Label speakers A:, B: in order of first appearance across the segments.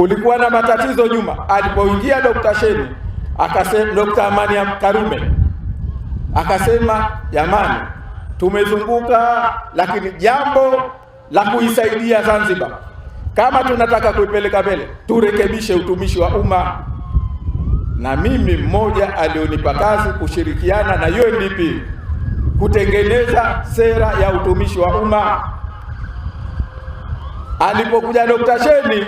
A: Kulikuwa na matatizo nyuma, alipoingia Dr. Sheni akasema, Dr. Amani Karume akasema, jamani, tumezunguka lakini jambo la kuisaidia Zanzibar kama tunataka kuipeleka mbele turekebishe utumishi wa umma. Na mimi mmoja alionipa kazi kushirikiana na UNDP kutengeneza sera ya utumishi wa umma. Alipokuja Dr. Sheni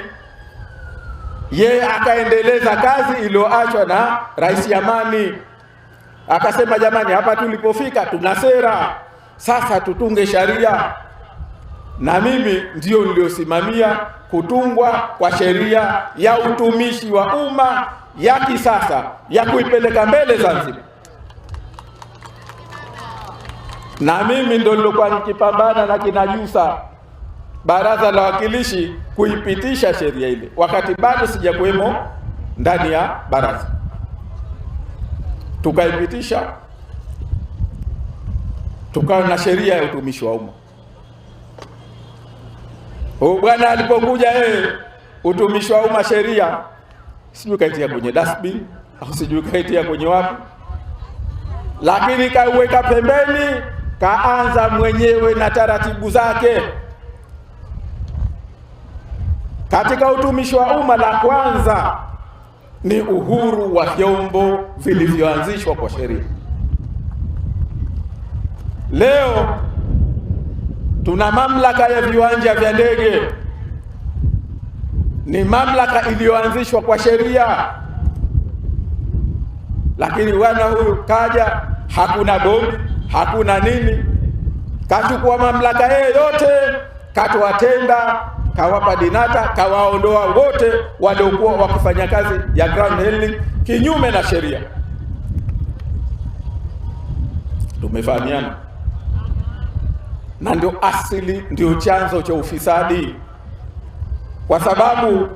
A: yeye akaendeleza kazi iliyoachwa na Rais Yamani. Akasema jamani, hapa tulipofika tuna sera, sasa tutunge sharia, na mimi ndio niliyosimamia kutungwa kwa sheria ya utumishi wa umma ya kisasa ya kuipeleka mbele Zanzibar, na mimi ndo nilikuwa nikipambana na kinajusa baraza la wawakilishi kuipitisha sheria ile, wakati bado sijakuwemo ndani ya baraza. Tukaipitisha, tukawa na sheria ya utumishi wa umma. Huyu bwana alipokuja yeye, utumishi wa umma sheria, sijui kaitia kwenye dustbin au sijui kaitia kwenye wapi, lakini kaiweka pembeni, kaanza mwenyewe na taratibu zake. Katika utumishi wa umma, la kwanza ni uhuru wa vyombo vilivyoanzishwa kwa sheria. Leo tuna mamlaka ya viwanja vya ndege, ni mamlaka iliyoanzishwa kwa sheria, lakini wana huyu kaja, hakuna bomu, hakuna nini, kachukua mamlaka yeyote, katoa tenda kawapa Dinata, kawaondoa wote waliokuwa wakifanya kazi ya ground handling kinyume na sheria. Tumefahamiana, na ndio asili, ndio chanzo cha ufisadi, kwa sababu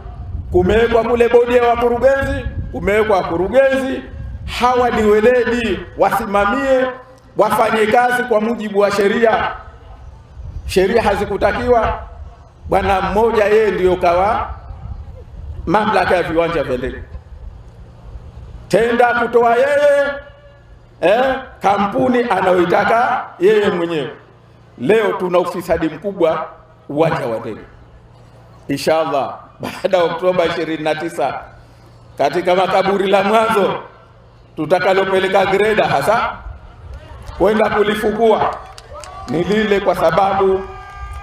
A: kumewekwa kule bodi ya wakurugenzi, kumewekwa wakurugenzi. Hawa ni weledi, wasimamie wafanye kazi kwa mujibu wa sheria. Sheria hazikutakiwa bwana mmoja yeye ndio kawa mamlaka ya viwanja vya ndege, tenda kutoa yeye eh, kampuni anayoitaka yeye mwenyewe. Leo tuna ufisadi mkubwa uwanja wa ndege. Inshallah, baada ya Oktoba 29 katika makaburi la mwanzo tutakalopeleka greda hasa kwenda kulifukua ni lile, kwa sababu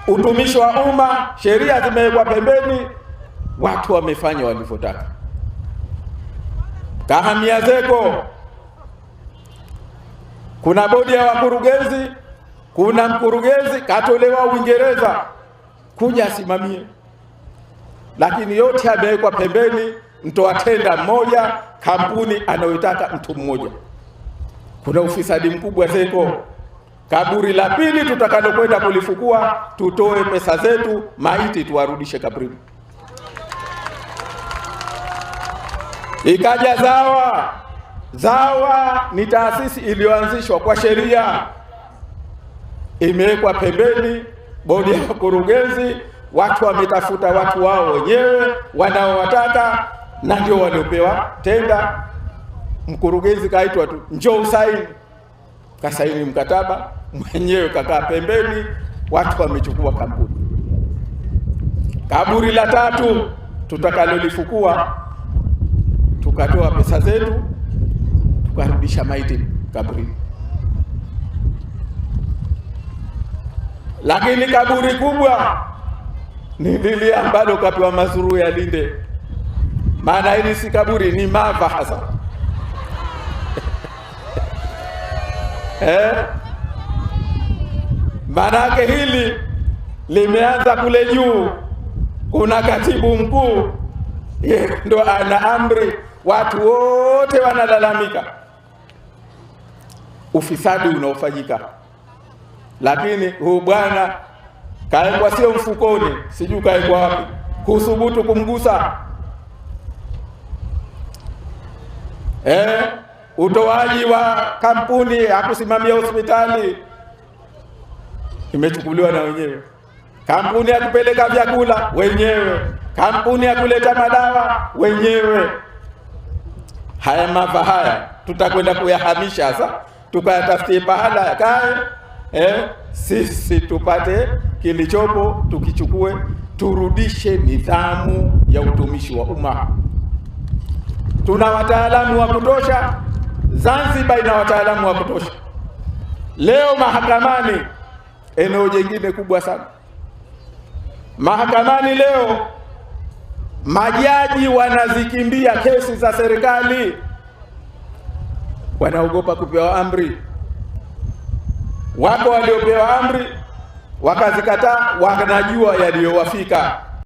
A: utumishi wa umma, sheria zimewekwa pembeni, watu wamefanya walivyotaka. Kahamia zeko kuna bodi ya wakurugenzi, kuna mkurugenzi katolewa Uingereza kuja asimamie, lakini yote yamewekwa pembeni, mtoa tenda mmoja, kampuni anayotaka mtu mmoja. Kuna ufisadi mkubwa zeko. Kaburi la pili tutakalokwenda kulifukua, tutoe pesa zetu, maiti tuwarudishe kabrini. Ikaja ZAWA. ZAWA ni taasisi iliyoanzishwa kwa sheria, imewekwa pembeni, bodi ya wakurugenzi, watu wametafuta watu wao wenyewe wanaowataka, na ndio waliopewa tenda. Mkurugenzi kaitwa tu, njoo usaini kasaini mkataba mwenyewe, kakaa pembeni, watu wamechukua kampuni. Kaburi la tatu tutakalolifukua, tukatoa pesa zetu, tukarudisha maiti kaburi. Lakini kaburi kubwa ni lile ambalo kapewa mazuru ya Linde, maana hili si kaburi, ni mava hasa eh? yake hili limeanza kule juu, kuna katibu mkuu ndo ana amri, watu wote wanalalamika ufisadi unaofanyika, lakini huu bwana kaekwa sio mfukoni, sijui kaekwa wapi, kuthubutu kumgusa eh? utoaji wa kampuni ya kusimamia hospitali imechukuliwa na wenyewe, kampuni ya kupeleka vyakula wenyewe, kampuni ya kuleta madawa wenyewe. Haya maafa haya tutakwenda kuyahamisha sasa, tukayatafutie pahala yakae, eh, sisi tupate kilichopo, tukichukue, turudishe nidhamu ya utumishi wa umma. Tuna wataalamu wa kutosha Zanzibar ina wataalamu wa kutosha. Leo mahakamani, eneo jingine kubwa sana mahakamani, leo majaji wanazikimbia kesi za serikali, wanaogopa kupewa amri. Wako waliopewa amri wakazikataa, wanajua yaliyowafika.